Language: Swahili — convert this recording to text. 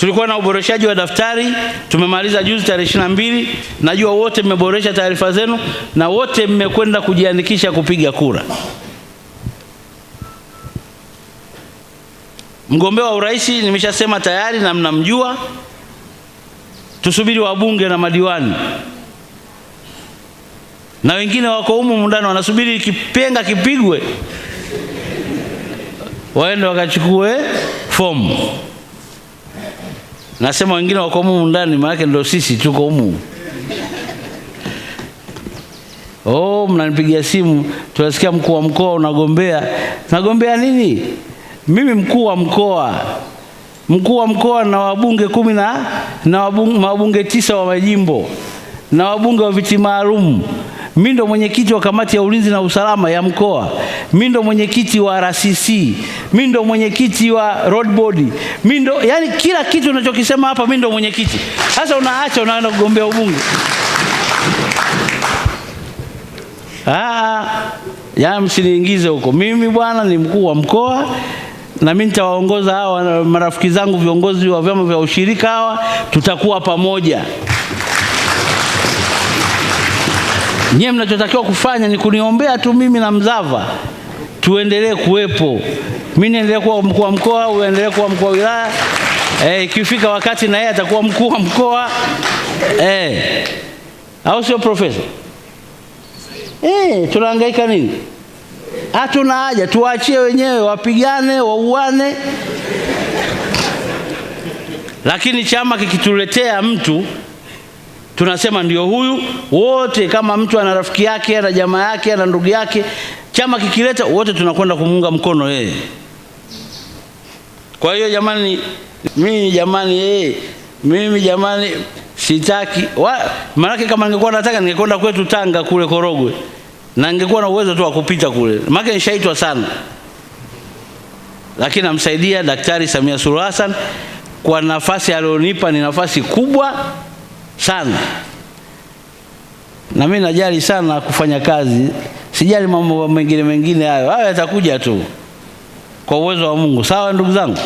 Tulikuwa na uboreshaji wa daftari, tumemaliza juzi tarehe ishirini na mbili. Najua wote mmeboresha taarifa zenu na wote mmekwenda kujiandikisha kupiga kura. Mgombea wa urais nimeshasema tayari na mnamjua. Tusubiri wabunge na madiwani na wengine wako humu mundani wanasubiri kipenga kipigwe waende wakachukue fomu. Nasema wengine wako humu ndani, maanake ndio sisi tuko humu. Oh, mnanipigia simu, tunasikia mkuu wa mkoa unagombea. Nagombea nini? Mimi mkuu wa mkoa, mkuu wa mkoa na wabunge kumi na wabunge, wabunge tisa wa majimbo na wabunge wa viti maalum mimi ndo mwenyekiti wa kamati ya ulinzi na usalama ya mkoa, mimi ndo mwenyekiti wa RCC, mimi ndo mwenyekiti wa road board, mimi ndo yani, kila kitu unachokisema hapa mimi ndo mwenyekiti. Sasa unaacha unaenda kugombea ubunge? Ah, yani msiniingize huko. Mimi bwana ni mkuu wa mkoa na mimi nitawaongoza hawa marafiki zangu viongozi wa vyama vya ushirika hawa, tutakuwa pamoja. Nyie mnachotakiwa kufanya ni kuniombea tu mimi na Mzava tuendelee kuwepo, mi niendelee kuwa mkuu wa mkoa, uendelee kuwa mkuu wa wilaya. Eh, ikifika wakati na yeye atakuwa mkuu wa mkoa eh, au sio profesa? Eh, tunahangaika nini? Hatuna haja, tuwaachie wenyewe wapigane, wauane. Lakini chama kikituletea mtu tunasema ndio huyu wote. Kama mtu ana rafiki yake ana jamaa yake ana ndugu yake, chama kikileta, wote tunakwenda kumuunga mkono yeye. Kwa hiyo jamani, mimi jamani, yeye eh, mimi jamani, sitaki maanake, kama ningekuwa nataka ningekwenda kwetu Tanga kule Korogwe, na ningekuwa na uwezo tu wa kupita kule, maana nishaitwa sana, lakini namsaidia Daktari Samia Suluhu Hassan kwa nafasi alionipa, ni nafasi kubwa sana, na mimi najali sana kufanya kazi, sijali mambo mengine mengine hayo, hayo yatakuja tu kwa uwezo wa Mungu. Sawa ndugu zangu.